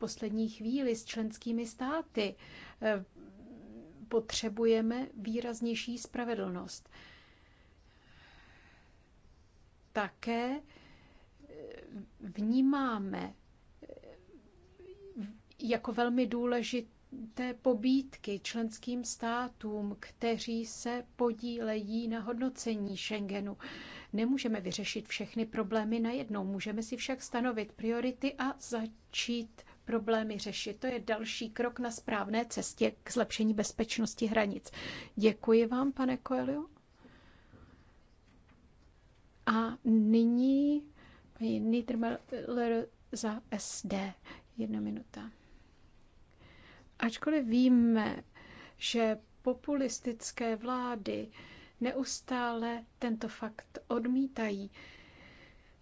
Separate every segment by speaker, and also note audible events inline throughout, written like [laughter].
Speaker 1: poslední chvíli s členskými státy. Eh, potřebujeme výraznější spravedlnost. Také eh, vnímáme eh, jako velmi důležité pobídky členským státům, kteří se podílejí na hodnocení Schengenu. Nemůžeme vyřešit všechny problémy najednou, můžeme si však stanovit priority a začít problémy řešit. To je další krok na správné cestě k zlepšení bezpečnosti hranic. Děkuji vám, pane Coelho. A nyní paní Niedermüller za SD. Jedna minuta. Ačkoliv víme, že populistické vlády neustále tento fakt odmítají,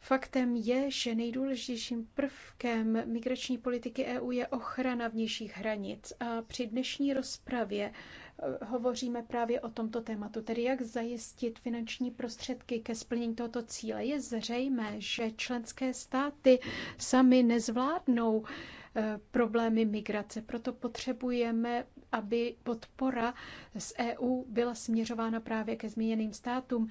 Speaker 1: Faktem je, že nejdůležitějším prvkem migrační politiky EU je ochrana vnějších hranic. A při dnešní rozpravě eh, hovoříme právě o tomto tématu, tedy jak zajistit finanční prostředky ke splnění tohoto cíle. Je zřejmé, že členské státy sami nezvládnou eh, problémy migrace. Proto potřebujeme, aby podpora z EU byla směřována právě ke změněným státům.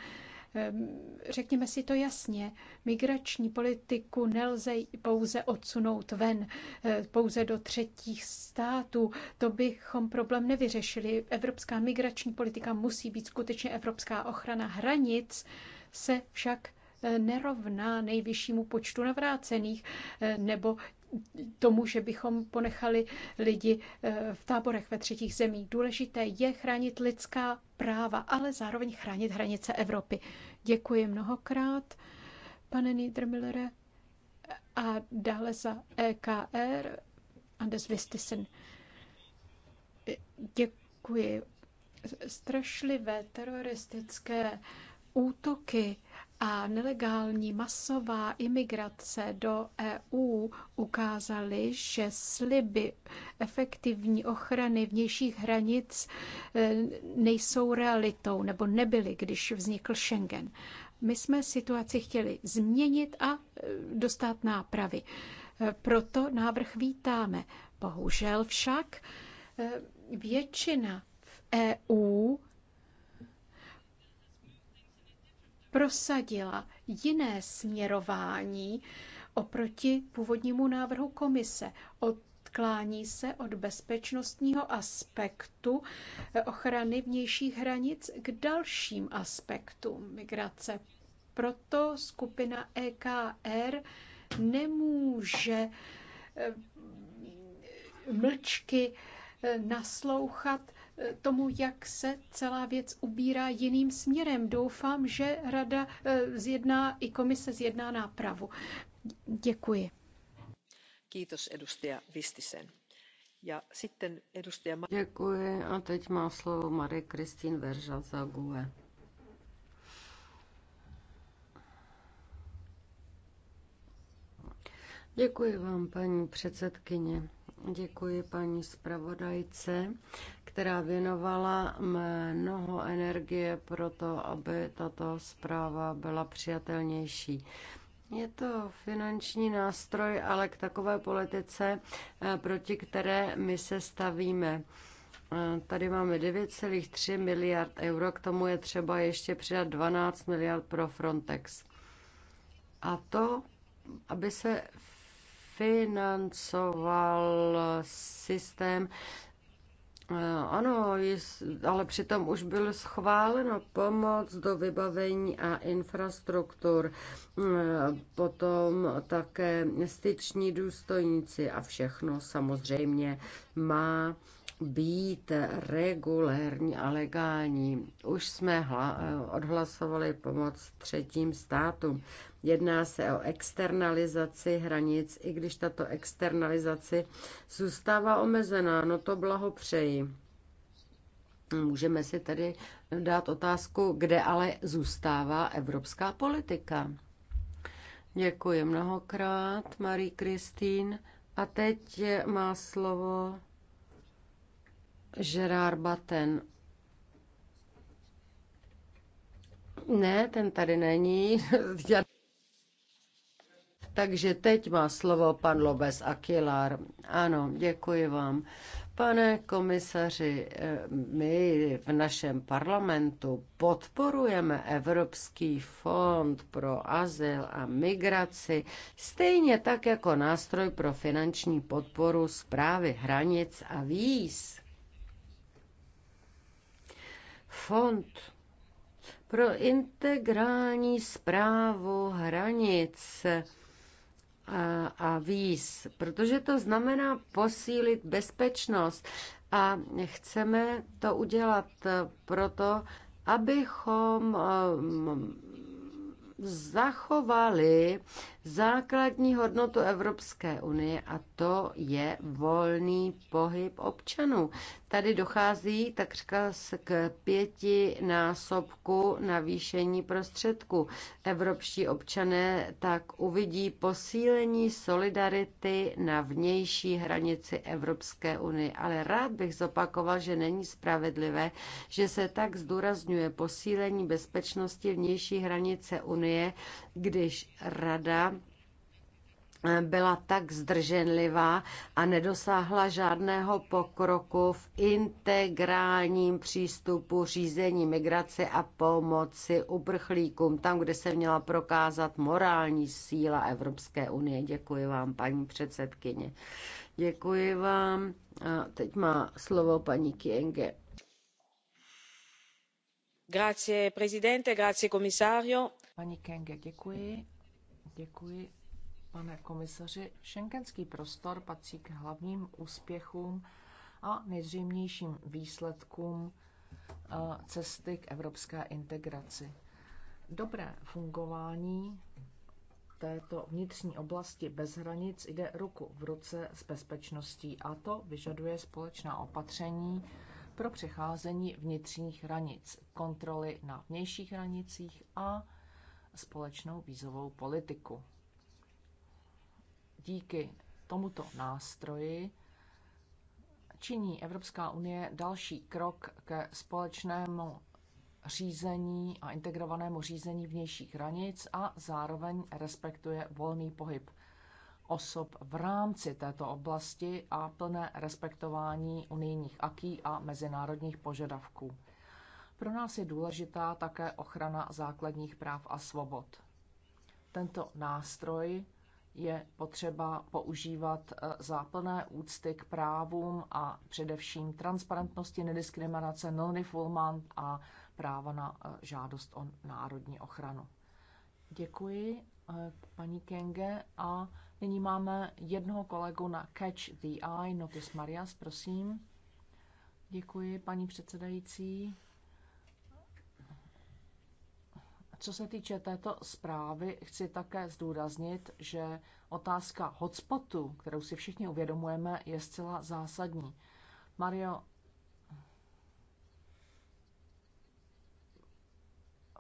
Speaker 1: Ehm, řekněme si to jasně, migrační politiku nelze pouze odsunout ven, eh, pouze do třetích států. To bychom problém nevyřešili. Evropská migrační politika musí být skutečně evropská ochrana hranic, se však eh, nerovná nejvyššímu počtu navrácených eh, nebo tomu, že bychom ponechali lidi eh, v táborech ve třetích zemích. Důležité je chránit lidská práva, ale zároveň chránit hranice Evropy. Děkuji mnohokrát, pane Niedermillere. A dále za EKR Anders Vistisen. Děkuji. Strašlivé teroristické útoky a nelegální masová imigrace do EU ukázaly, že sliby efektivní ochrany vnějších hranic eh, nejsou realitou nebo nebyly, když vznikl Schengen. My jsme situaci chtěli změnit a eh, dostat nápravy. Eh, proto návrh vítáme. Bohužel však většina v EU prosadila jiné směrování oproti původnímu návrhu komise. Odklání se od bezpečnostního aspektu ochrany vnějších hranic k dalším aspektům migrace. Proto skupina EKR nemůže eh, mlčky eh, naslouchat tomu, jak se celá věc ubírá jiným směrem. Doufám, že rada eh, zjedná i komise zjedná nápravu. Děkuji. Kýtos edustia
Speaker 2: Vistisen. Ja sitten edustaja... Děkuji a teď má slovo Marie Kristín Verža za GUE. Děkuji vám, paní předsedkyně. Děkuji paní zpravodajce která věnovala mnoho energie pro to, aby tato zpráva byla přijatelnější. Je to finanční nástroj, ale k takové politice, eh, proti které my se stavíme. Eh, tady máme 9,3 miliard euro, k tomu je třeba ještě přidat 12 miliard pro Frontex. A to, aby se financoval systém Eh, ano, ale přitom už byl schváleno pomoc do vybavení a infrastruktur, eh, potom také styční důstojníci a všechno samozřejmě má být regulérní a legální. Už jsme odhlasovali pomoc třetím státům. Jedná se o externalizaci hranic, i když tato externalizace zůstává omezená. No to blahopřeji. Můžeme si tedy dát otázku, kde ale zůstává evropská politika. Děkuji mnohokrát, Marie Kristýn. A teď má slovo Gerard Batten. Ne, ten tady není. [laughs] Takže teď má slovo pan Lobes Aquilar. Ano, děkuji vám. Pane komisaři, my v našem parlamentu podporujeme Evropský fond pro azyl a migraci, stejně tak jako nástroj pro finanční podporu zprávy hranic a víz. Fond pro integrální zprávu hranic a, a víz, protože to znamená posílit bezpečnost a chceme to udělat proto, abychom zachovali základní hodnotu Evropské unie a to je volný pohyb občanů. Tady dochází takřka k pěti násobku navýšení prostředků. Evropští občané tak uvidí posílení solidarity na vnější hranici Evropské unie. Ale rád bych zopakoval, že není spravedlivé, že se tak zdůrazňuje posílení bezpečnosti vnější hranice unie unie, když rada byla tak zdrženlivá a nedosáhla žádného pokroku v integrálním přístupu řízení migrace a pomoci uprchlíkům, tam, kde se měla prokázat morální síla Evropské unie. Děkuji vám, paní předsedkyně. Děkuji vám. A teď má slovo paní Kienge.
Speaker 1: Grazie, presidente, grazie, komisario. Paní Kenge, děkuji.
Speaker 3: Děkuji, pane komisaři. Šenkenský prostor patří k hlavním úspěchům a nejzřejmějším výsledkům eh, cesty k evropské integraci. Dobré fungování této vnitřní oblasti bez hranic jde ruku v ruce s bezpečností a to vyžaduje společná opatření pro přecházení vnitřních hranic, kontroly na vnějších hranicích a společnou vízovou politiku. Díky tomuto nástroji činí Evropská unie další krok ke společnému řízení a integrovanému řízení vnějších hranic a zároveň respektuje volný pohyb osob v rámci této oblasti a plné respektování unijních aký a mezinárodních požadavků. Pro nás je důležitá také ochrana základních práv a svobod. Tento nástroj je potřeba používat eh, za plné úcty k právům a především transparentnosti, nediskriminace, non-refoulement a práva na eh, žádost o národní ochranu. Děkuji eh, paní Kenge a nyní máme jednoho kolegu na Catch the Eye, Notis Marias, prosím. Děkuji, paní předsedající. Co se týče této zprávy, chci také zdůraznit, že otázka hotspotu, kterou si všichni uvědomujeme, je zcela zásadní. Mario,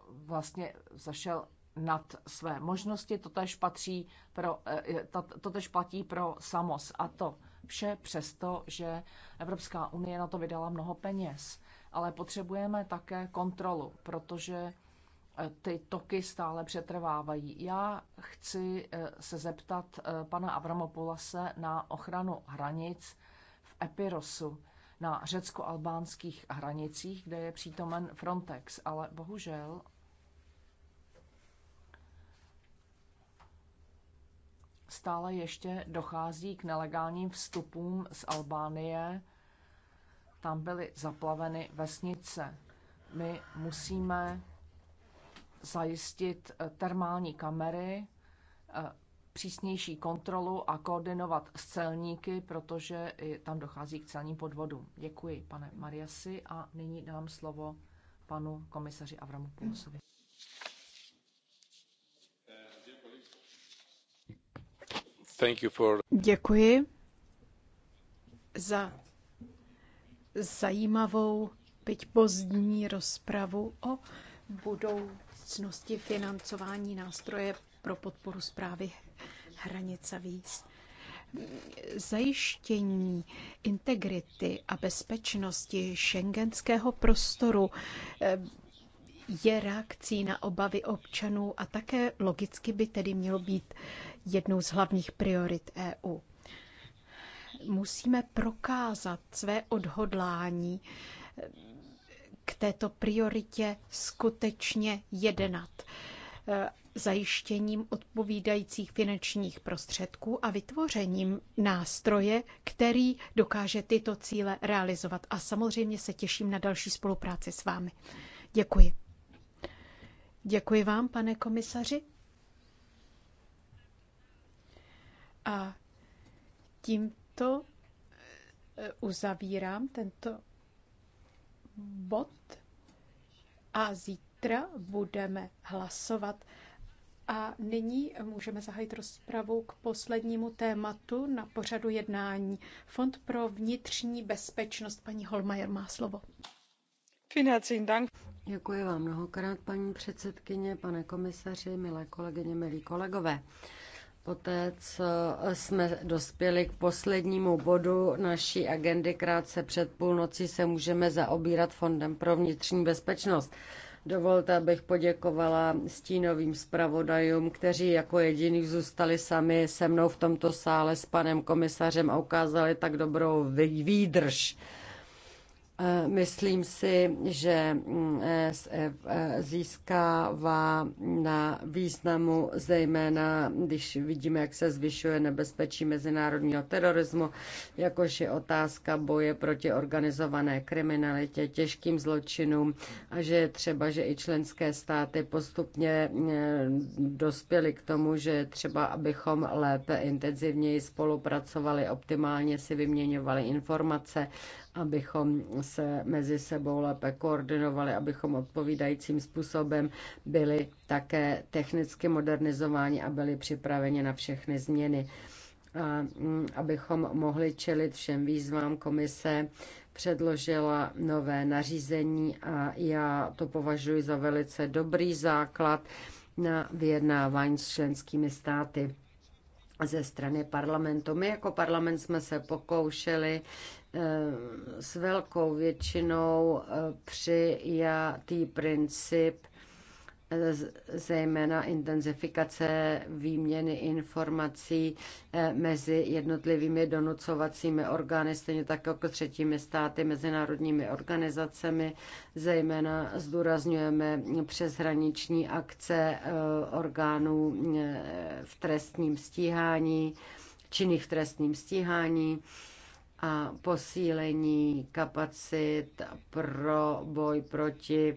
Speaker 3: vlastně zašel nad své možnosti, totež, patří pro, eh, totež platí pro samos. A to vše přesto, že Evropská unie na to vydala mnoho peněz. Ale potřebujeme také kontrolu, protože ty toky stále přetrvávají. Já chci eh, se zeptat eh, pana Avramopulase na ochranu hranic v Epirosu na řecko-albánských hranicích, kde je přítomen Frontex, ale bohužel stále ještě dochází k nelegálním vstupům z Albánie. Tam byly zaplaveny vesnice. My musíme zajistit eh, termální kamery, eh, přísnější kontrolu a koordinovat s celníky, protože i tam dochází k celním podvodům. Děkuji, pane Mariasi, a nyní dám slovo panu komisaři Avramu Pulsovi.
Speaker 1: Děkuji za zajímavou, byť pozdní rozpravu o budoucnosti financování nástroje pro podporu zprávy hranic a víz. Zajištění integrity a bezpečnosti šengenského prostoru eh, je reakcí na obavy občanů a také logicky by tedy mělo být jednou z hlavních priorit EU. Musíme prokázat své odhodlání eh, k této prioritě skutečně jednat eh, zajištěním odpovídajících finančních prostředků a vytvořením nástroje, který dokáže tyto cíle realizovat. A samozřejmě se těším na další spolupráci s vámi. Děkuji. Děkuji vám, pane komisaři. A tímto eh, uzavírám tento bod a zítra budeme hlasovat. A nyní můžeme zahájit rozpravu k poslednímu tématu na pořadu jednání.
Speaker 2: Fond pro vnitřní bezpečnost. Paní Holmajer má slovo. Děkuji vám mnohokrát, paní předsedkyně, pane komisaři, milé kolegyně, milí kolegové. Poté, co jsme dospěli k poslednímu bodu naší agendy krátce před půlnocí, se můžeme zaobírat Fondem pro vnitřní bezpečnost. Dovolte, abych poděkovala stínovým zpravodajům, kteří jako jediní zůstali sami se mnou v tomto sále s panem komisařem a ukázali tak dobrou výdrž. Eh, myslím si, že mm, eh, SF eh, získává na významu, zejména když vidíme, jak se zvyšuje nebezpečí mezinárodního terorismu, jakož je otázka boje proti organizované kriminalitě, těžkým zločinům a že je třeba, že i členské státy postupně mm, dospěly k tomu, že je třeba, abychom lépe intenzivněji spolupracovali, optimálně si vyměňovali informace abychom se mezi sebou lépe koordinovali, abychom odpovídajícím způsobem byli také technicky modernizováni a byli připraveni na všechny změny. A mm, abychom mohli čelit všem výzvám komise, předložila nové nařízení a já to považuji za velice dobrý základ na vyjednávání s členskými státy ze strany parlamentu. My jako parlament jsme se pokoušeli eh, s velkou většinou eh, přijatý princip zejména intenzifikace výměny informací eh, mezi jednotlivými donucovacími orgány, stejně tak jako třetími státy, mezinárodními organizacemi. Zejména zdůrazňujeme přeshraniční akce eh, orgánů eh, v trestním stíhání, činných v trestním stíhání a posílení kapacit pro boj proti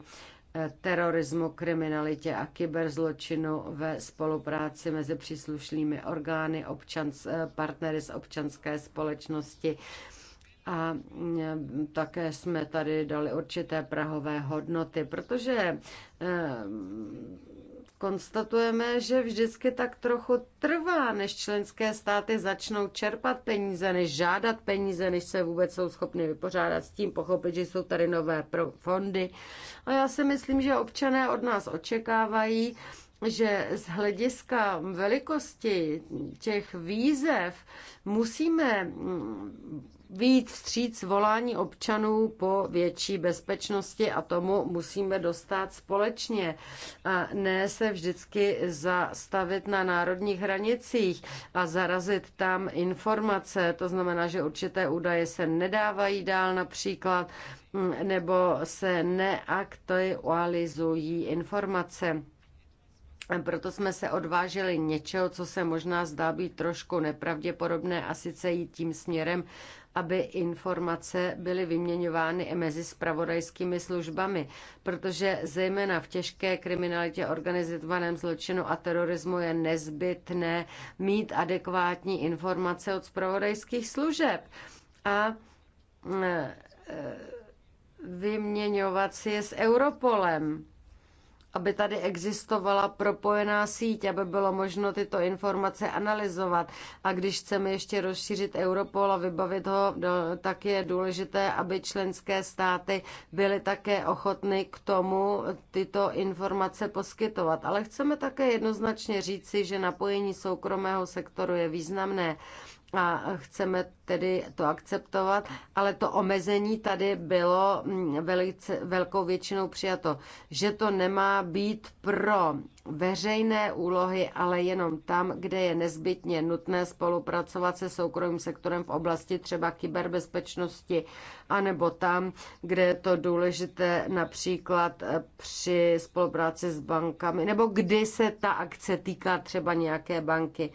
Speaker 2: terorismu, kriminalitě a kyberzločinu ve spolupráci mezi příslušnými orgány, občans, eh, partnery z občanské společnosti. A mm, také jsme tady dali určité prahové hodnoty, protože eh, konstatujeme, že vždycky tak trochu trvá, než členské státy začnou čerpat peníze, než žádat peníze, než se vůbec jsou schopny vypořádat s tím, pochopit, že jsou tady nové fondy. A já si myslím, že občané od nás očekávají, že z hlediska velikosti těch výzev musíme víc stříc volání občanů po větší bezpečnosti a tomu musíme dostat společně. A ne se vždycky zastavit na národních hranicích a zarazit tam informace. To znamená, že určité údaje se nedávají dál například mm, nebo se neaktualizují informace. Proto jsme se odvážili něčeho, co se možná zdá být trošku nepravděpodobné a sice jít tím směrem, aby informace byly vyměňovány i mezi spravodajskými službami, protože zejména v těžké kriminalitě, organizovaném zločinu a terorismu je nezbytné mít adekvátní informace od spravodajských služeb. A e, e, vyměňovat si je s Europolem aby tady existovala propojená síť, aby bylo možno tyto informace analyzovat. A když chceme ještě rozšířit Europol a vybavit ho, tak je důležité, aby členské státy byly také ochotny k tomu tyto informace poskytovat. Ale chceme také jednoznačně říci, že napojení soukromého sektoru je významné a chceme tedy to akceptovat, ale to omezení tady bylo mm, velice, velkou většinou přijato, že to nemá být pro veřejné úlohy, ale jenom tam, kde je nezbytně nutné spolupracovat se soukromým sektorem v oblasti třeba kyberbezpečnosti, anebo tam, kde je to důležité například eh, při spolupráci s bankami, nebo kdy se ta akce týká třeba nějaké banky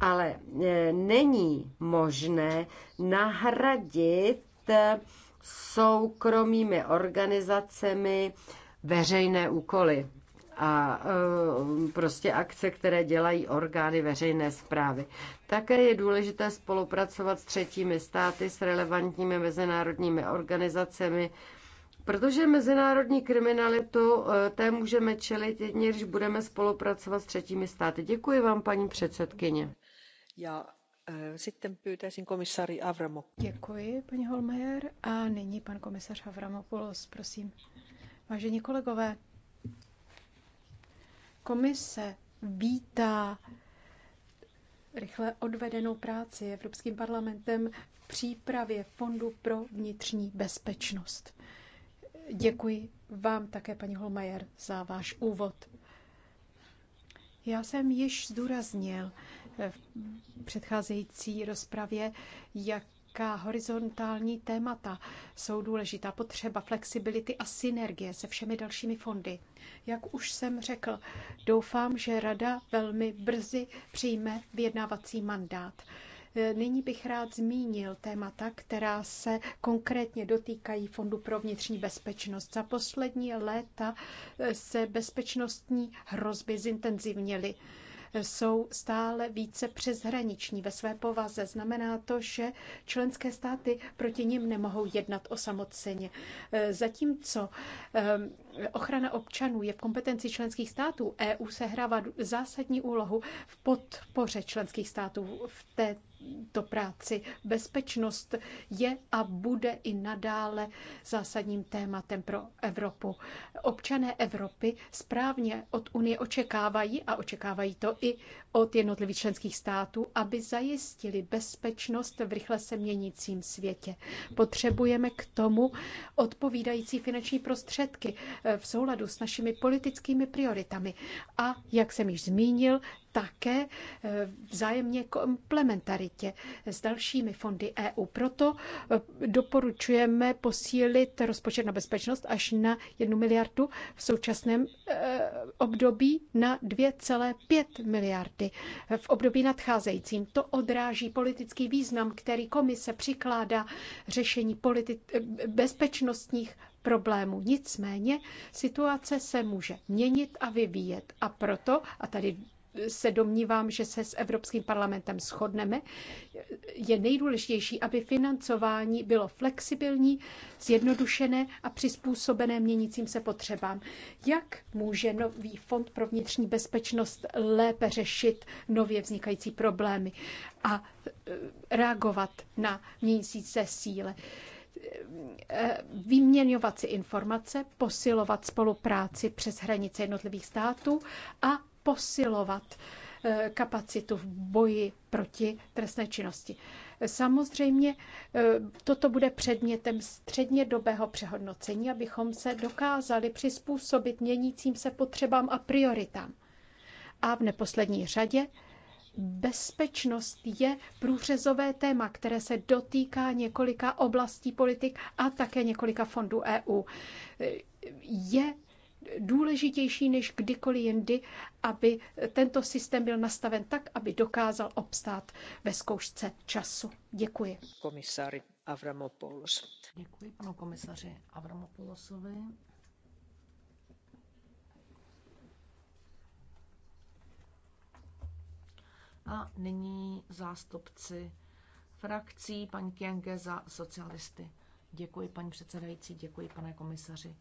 Speaker 2: ale e, není možné nahradit e, soukromými organizacemi veřejné úkoly a e, prostě akce, které dělají orgány veřejné zprávy. Také je důležité spolupracovat s třetími státy, s relevantními mezinárodními organizacemi, protože mezinárodní kriminalitu té můžeme čelit jedině, když budeme spolupracovat s třetími státy. Děkuji vám, paní předsedkyně. Já eh, sitten pyytäisin komissaari Avramo.
Speaker 1: Děkuji, paní Holmeier. A nyní pan komisař Avramopoulos, prosím. Vážení kolegové, komise vítá rychle odvedenou práci Evropským parlamentem v přípravě Fondu pro vnitřní bezpečnost. Děkuji vám také, paní Holmajer, za váš úvod. Já jsem již zdůraznil, v předcházející rozpravě, jak jaká horizontální témata jsou důležitá. Potřeba flexibility a synergie se všemi dalšími fondy. Jak už jsem řekl, doufám, že Rada velmi brzy přijme vyjednávací mandát. Nyní bych rád zmínil témata, která se konkrétně dotýkají Fondu pro vnitřní bezpečnost. Za poslední léta se bezpečnostní hrozby zintenzivnily jsou stále více přeshraniční ve své povaze. Znamená to, že členské státy proti nim nemohou jednat osamoceně. E, zatímco e, ochrana občanů je v kompetenci členských států, EU sehrává zásadní úlohu v podpoře členských států v té to práci. Bezpečnost je a bude i nadále zásadním tématem pro Evropu. Občané Evropy správně od Unie očekávají a očekávají to i od jednotlivých členských států, aby zajistili bezpečnost v rychle se měnícím světě. Potřebujeme k tomu odpovídající finanční prostředky eh, v souladu s našimi politickými prioritami. A jak jsem již zmínil, také eh, vzájemně komplementaritě s dalšími fondy EU. Proto eh, doporučujeme posílit rozpočet na bezpečnost až na jednu miliardu v současném období na 2,5 miliardy v období nadcházejícím. To odráží politický význam, který komise přikládá řešení bezpečnostních problémů. Nicméně situace se může měnit a vyvíjet. A proto, a tady se domnívám, že se s Evropským parlamentem shodneme, je nejdůležitější, aby financování bylo flexibilní, zjednodušené a přizpůsobené měnícím se potřebám. Jak může nový fond pro vnitřní bezpečnost lépe řešit nově vznikající problémy a e, reagovat na měnící se síle? E, vyměňovat si informace, posilovat spolupráci přes hranice jednotlivých států a posilovat eh, kapacitu v boji proti trestné činnosti. Samozřejmě eh, toto bude předmětem středně dobého přehodnocení, abychom se dokázali přizpůsobit měnícím se potřebám a prioritám. A v neposlední řadě bezpečnost je průřezové téma, které se dotýká několika oblastí politik a také několika fondů EU. Je důležitější než kdykoliv jindy, aby tento systém byl nastaven tak, aby dokázal obstát ve zkoušce času. Děkuji. Komisáři Avramopoulos. Děkuji panu komisaři Avramopoulosovi.
Speaker 3: A nyní zástupci frakcí, paní Kienge za socialisty. Děkuji, paní předsedající, děkuji, pane komisaři.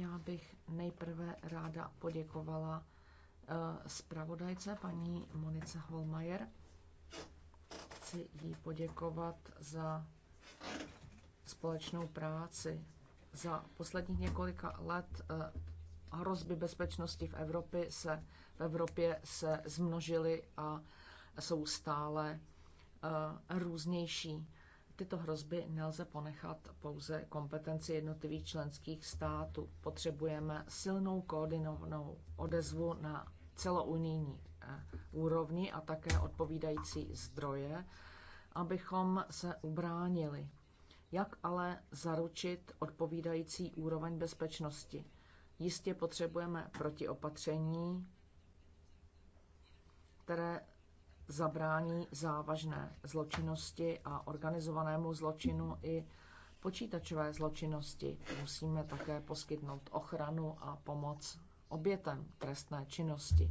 Speaker 3: Já bych nejprve ráda poděkovala eh, zpravodajce paní Monice Holmajer. Chci jí poděkovat za společnou práci. Za posledních několika let eh, hrozby bezpečnosti v Evropě se, v Evropě se zmnožily a jsou stále eh, různější tyto hrozby nelze ponechat pouze kompetenci jednotlivých členských států. Potřebujeme silnou koordinovanou odezvu na celounijní eh, úrovni a také odpovídající zdroje, abychom se ubránili. Jak ale zaručit odpovídající úroveň bezpečnosti? Jistě potřebujeme protiopatření, které zabrání závažné zločinnosti a organizovanému zločinu i počítačové zločinnosti. Musíme také poskytnout ochranu a pomoc obětem trestné činnosti.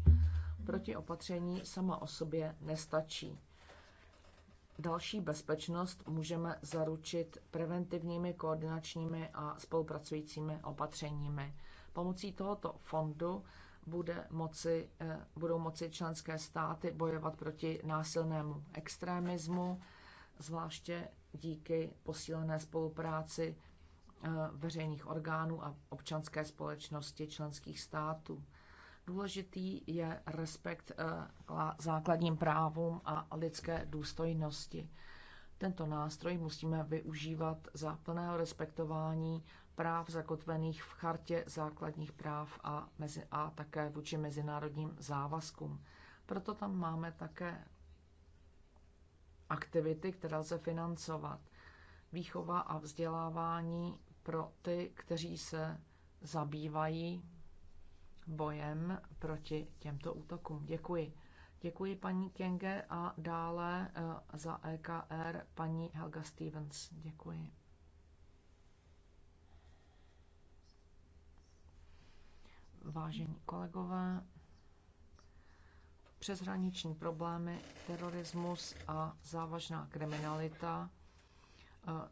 Speaker 3: opatření sama o sobě nestačí. Další bezpečnost můžeme zaručit preventivními, koordinačními a spolupracujícími opatřeními. Pomocí tohoto fondu bude moci, eh, budou moci členské státy bojovat proti násilnému extremismu, zvláště díky posílené spolupráci eh, veřejných orgánů a občanské společnosti členských států. Důležitý je respekt eh, základním právům a lidské důstojnosti. Tento nástroj musíme využívat za plného respektování práv zakotvených v Chartě základních práv a, mezi, a také vůči mezinárodním závazkům. Proto tam máme také aktivity, které lze financovat. Výchova a vzdělávání pro ty, kteří se zabývají bojem proti těmto útokům. Děkuji. Děkuji paní Kenge a dále eh, za EKR paní Helga Stevens. Děkuji. Vážení kolegové, přeshraniční problémy, terorismus a závažná kriminalita. Eh,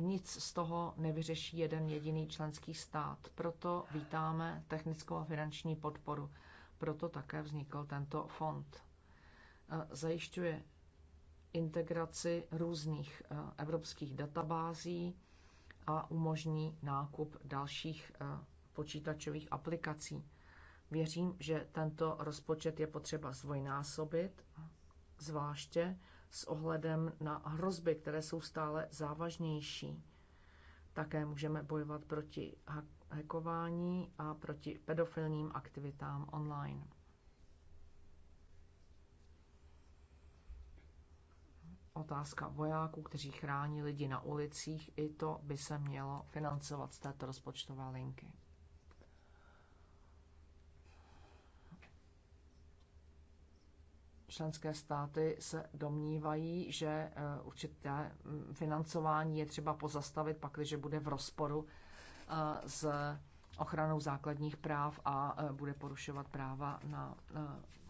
Speaker 3: nic z toho nevyřeší jeden jediný členský stát. Proto vítáme technickou a finanční podporu. Proto také vznikl tento fond. E, zajišťuje integraci různých e, evropských databází a umožní nákup dalších e, počítačových aplikací. Věřím, že tento rozpočet je potřeba zdvojnásobit, zvláště s ohledem na hrozby, které jsou stále závažnější. Také můžeme bojovat proti hackování a proti pedofilním aktivitám online. Otázka vojáků, kteří chrání lidi na ulicích, i to by se mělo financovat z této rozpočtové linky. členské státy se domnívají, že eh, určité mm, financování je třeba pozastavit, pakliže bude v rozporu s ochranou základních práv a e, bude porušovat práva na e,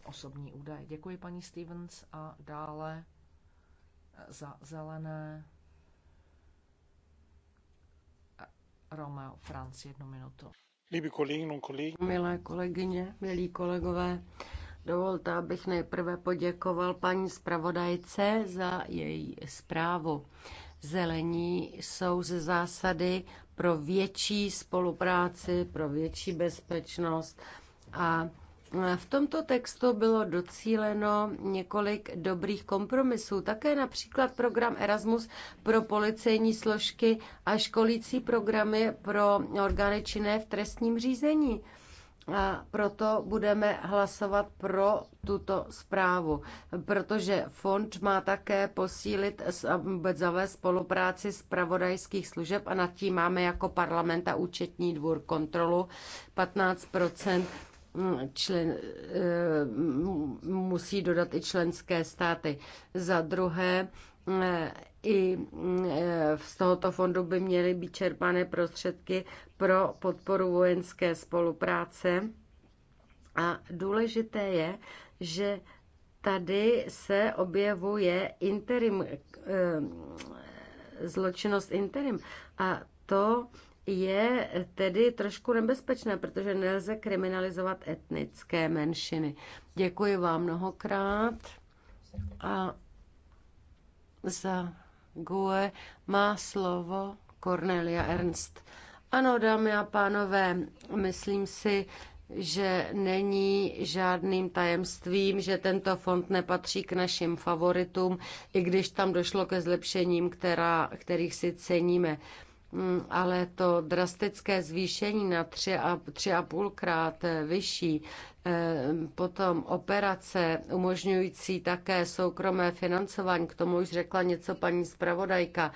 Speaker 3: osobní údaje. Děkuji paní Stevens a dále e, za zelené
Speaker 2: Romeo Franc jednu minutu. Milé kolegyně, milí kolegové, dovolte, abych nejprve poděkoval paní zpravodajce za její zprávu. Zelení jsou ze zásady pro větší spolupráci, pro větší bezpečnost a v tomto textu bylo docíleno několik dobrých kompromisů, také například program Erasmus pro policejní složky a školící programy pro orgány činné v trestním řízení. A proto budeme hlasovat pro tuto zprávu, protože fond má také posílit zavést spolupráci s pravodajských služeb a nad tím máme jako parlament a účetní dvůr kontrolu 15 mm, člen, eh, musí dodat i členské státy. Za druhé, eh, i mm, e, z tohoto fondu by měly být čerpané prostředky pro podporu vojenské spolupráce. A důležité je, že tady se objevuje interim, e, zločinnost interim. A to je tedy trošku nebezpečné, protože nelze kriminalizovat etnické menšiny. Děkuji vám mnohokrát a za GUE má slovo Cornelia Ernst. Ano, dámy a pánové, myslím si, že není žádným tajemstvím, že tento fond nepatří k našim favoritům, i když tam došlo ke zlepšením, která, kterých si ceníme. Mm, ale to drastické zvýšení na 3,5 krát eh, vyšší Ehm, potom operace umožňující také soukromé financování, k tomu už řekla něco paní zpravodajka.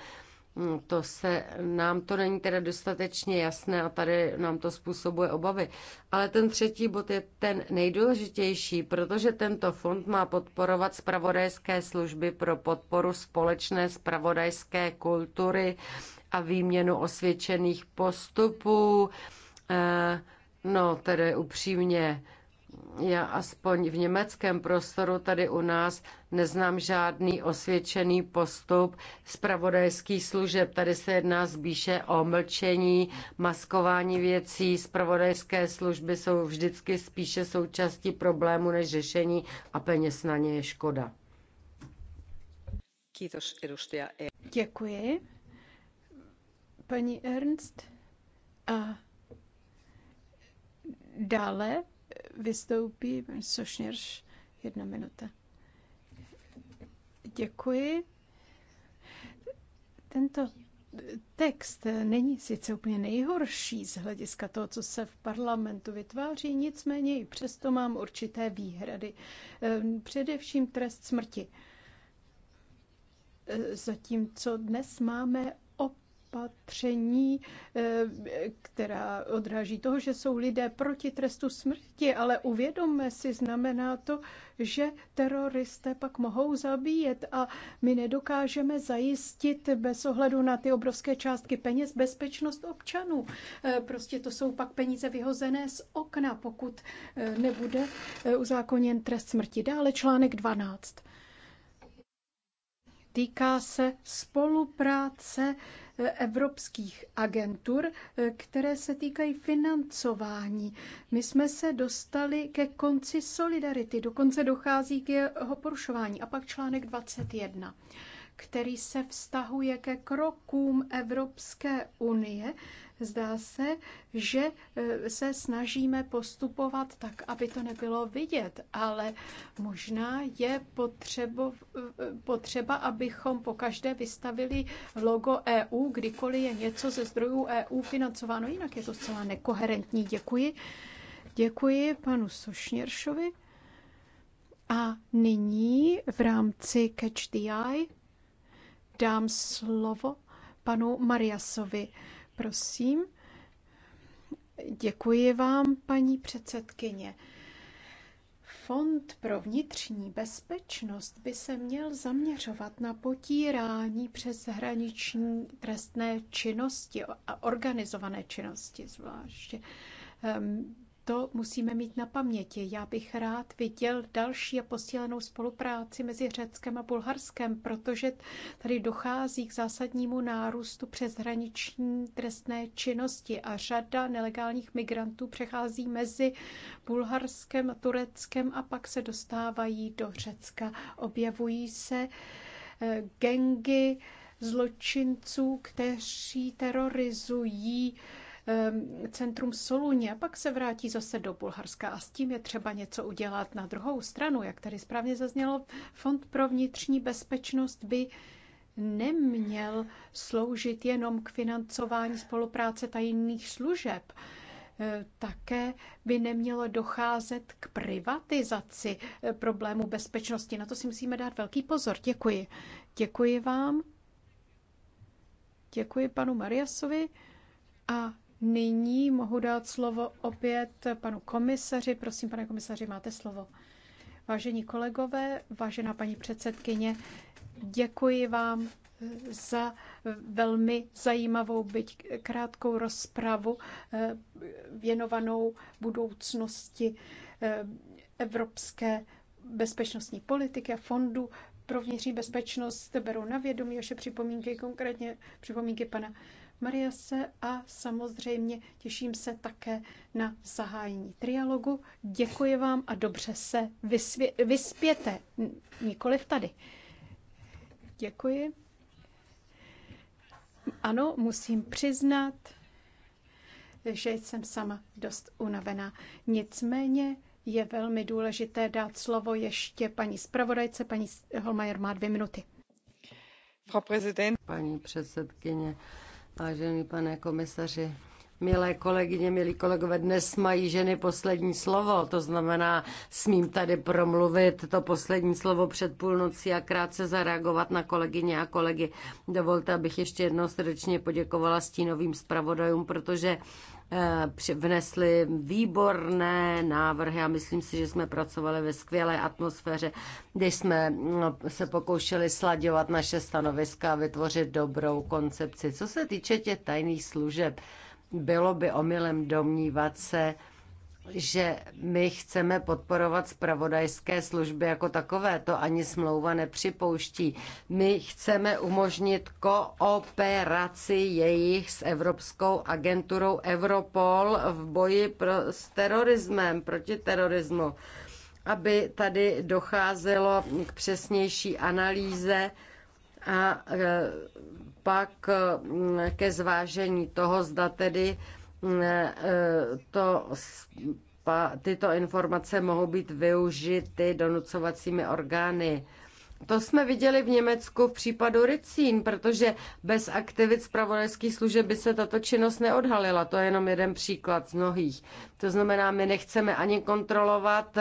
Speaker 2: Hm, to se, nám to není teda dostatečně jasné a tady nám to způsobuje obavy. Ale ten třetí bod je ten nejdůležitější, protože tento fond má podporovat spravodajské služby pro podporu společné spravodajské kultury a výměnu osvědčených postupů. Ehm, no, tedy upřímně, já aspoň v německém prostoru tady u nás neznám žádný osvědčený postup zpravodajských služeb. Tady se jedná spíše o mlčení, maskování věcí. Zpravodajské služby jsou vždycky spíše součástí problému než řešení a peněz na ně je škoda. E. Děkuji.
Speaker 1: Paní Ernst. A dále vystoupí Sošněrš. Jedna minuta. Děkuji. Tento text není sice úplně nejhorší z hlediska toho, co se v parlamentu vytváří, nicméně i přesto mám určité výhrady. Ehm, především trest smrti. Ehm, zatímco dnes máme opatření, eh, která odráží toho, že jsou lidé proti trestu smrti, ale uvědomme si, znamená to, že teroristé pak mohou zabíjet a my nedokážeme zajistit bez ohledu na ty obrovské částky peněz bezpečnost občanů. Eh, prostě to jsou pak peníze vyhozené z okna, pokud eh, nebude uzákoněn trest smrti. Dále článek 12 týká se spolupráce evropských agentur, eh, které se týkají financování. My jsme se dostali ke konci solidarity, dokonce dochází k jeho porušování. A pak článek 21 který se vztahuje ke krokům Evropské unie. Zdá se, že e, se snažíme postupovat tak, aby to nebylo vidět, ale možná je potřebo, e, potřeba, abychom pokaždé vystavili logo EU, kdykoliv je něco ze zdrojů EU financováno. Jinak je to zcela nekoherentní. Děkuji. Děkuji panu Sošněršovi. A nyní v rámci Catch the Eye dám slovo panu Mariasovi. Prosím. Děkuji vám, paní předsedkyně. Fond pro vnitřní bezpečnost by se měl zaměřovat na potírání přeshraniční trestné činnosti a organizované činnosti zvláště. Ehm, to musíme mít na paměti. Já bych rád viděl další a posílenou spolupráci mezi Řeckem a Bulharskem, protože tady dochází k zásadnímu nárůstu přeshraniční trestné činnosti a řada nelegálních migrantů přechází mezi Bulharskem a Tureckem a pak se dostávají do Řecka. Objevují se eh, gengy zločinců, kteří terorizují Ehm, centrum Soluně a pak se vrátí zase do Bulharska a s tím je třeba něco udělat. Na druhou stranu, jak tady správně zaznělo, Fond pro vnitřní bezpečnost by neměl sloužit jenom k financování spolupráce tajných služeb. Ehm, také by nemělo docházet k privatizaci eh, problému bezpečnosti. Na to si musíme dát velký pozor. Děkuji. Děkuji vám. Děkuji panu Mariasovi. A Nyní mohu dát slovo opět panu komisaři. Prosím, pane komisaři, máte slovo. Vážení kolegové, vážená paní předsedkyně, děkuji vám za velmi zajímavou, byť krátkou rozpravu eh, věnovanou budoucnosti eh, evropské bezpečnostní politiky a fondu pro vnitřní bezpečnost. Berou na vědomí vaše připomínky, konkrétně připomínky pana Mariase a samozřejmě těším se také na zahájení trialogu. Děkuji vám a dobře se vysvě- vyspěte, nikoliv tady. Děkuji. Ano, musím přiznat, že jsem sama dost unavená. Nicméně je velmi důležité dát slovo ještě paní
Speaker 2: zpravodajce. Paní Holmajer má dvě minuty. Frau Paní předsedkyně, Vážený pane komisaři, milé kolegyně, milí kolegové, dnes mají ženy poslední slovo, to znamená, smím tady promluvit to poslední slovo před půlnocí a krátce zareagovat na kolegyně a kolegy. Dovolte, abych ještě jednou srdečně poděkovala stínovým zpravodajům, protože Eh, vnesli výborné návrhy a myslím si, že jsme pracovali ve skvělé atmosféře, když jsme no, se pokoušeli sladěvat naše stanoviska a vytvořit dobrou koncepci. Co se týče těch tajných služeb, bylo by omylem domnívat se, že my chceme podporovat spravodajské služby jako takové, to ani smlouva nepřipouští. My chceme umožnit kooperaci jejich s Evropskou agenturou Europol v boji pro, s terorismem, proti terorismu, aby tady docházelo k přesnější analýze a e, pak e, ke zvážení toho, zda tedy Eh, to tyto informace mohou být využity donucovacími orgány to jsme viděli v Německu v případu Ricín, protože bez aktivit zpravodajských služeb by se tato činnost neodhalila. To je jenom jeden příklad z mnohých. To znamená, my nechceme ani kontrolovat,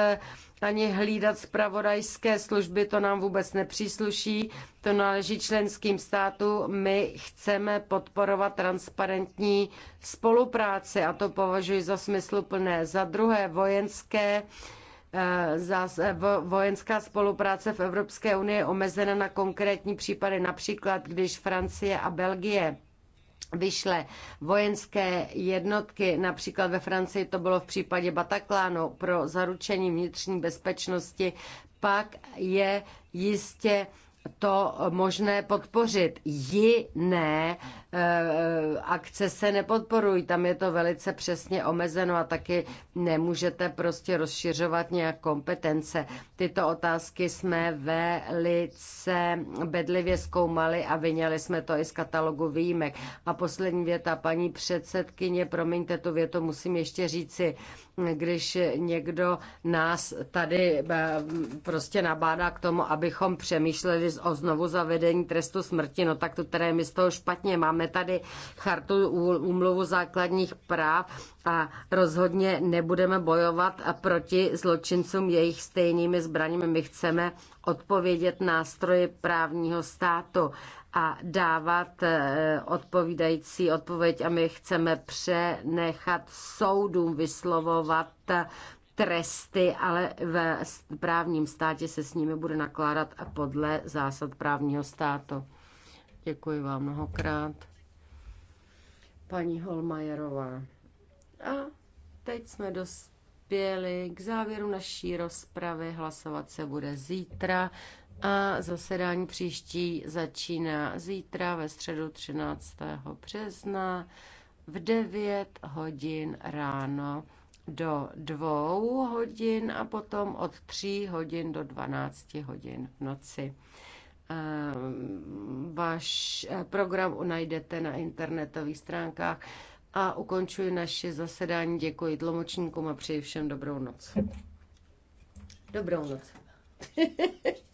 Speaker 2: ani hlídat zpravodajské služby, to nám vůbec nepřísluší, to náleží členským státům. My chceme podporovat transparentní spolupráci a to považuji za smysluplné. Za druhé vojenské Eh, Zás eh, vojenská spolupráce v Evropské unii je omezena na konkrétní případy, například když Francie a Belgie vyšle vojenské jednotky, například ve Francii to bylo v případě Bataklánu, pro zaručení vnitřní bezpečnosti, pak je jistě to možné podpořit. Jiné eh, akce se nepodporují, tam je to velice přesně omezeno a taky nemůžete prostě rozšiřovat nějak kompetence. Tyto otázky jsme velice bedlivě zkoumali a vyněli jsme to i z katalogu výjimek. A poslední věta, paní předsedkyně, promiňte tu větu, musím ještě říci, když někdo nás tady eh, prostě nabádá k tomu, abychom přemýšleli o znovu zavedení trestu smrti, no tak to tedy my z toho špatně. Máme tady chartu úmluvu základních práv a rozhodně nebudeme bojovat proti zločincům jejich stejnými zbraněmi. My chceme odpovědět nástroji právního státu a dávat eh, odpovídající odpověď a my chceme přenechat soudům vyslovovat tresty, ale v právním státě se s nimi bude nakládat podle zásad právního státu. Děkuji vám mnohokrát. Paní Holmajerová. A teď jsme dospěli k závěru naší rozpravy. Hlasovat se bude zítra. A zasedání příští začíná zítra ve středu 13. března v 9 hodin ráno do 2 hodin a potom od 3 hodin do 12 hodin v noci. Mm, váš eh, program najdete na internetových stránkách a ukončuji naše zasedání. Děkuji tlumočníkům a přeji všem dobrou noc. Dobrou noc. [laughs]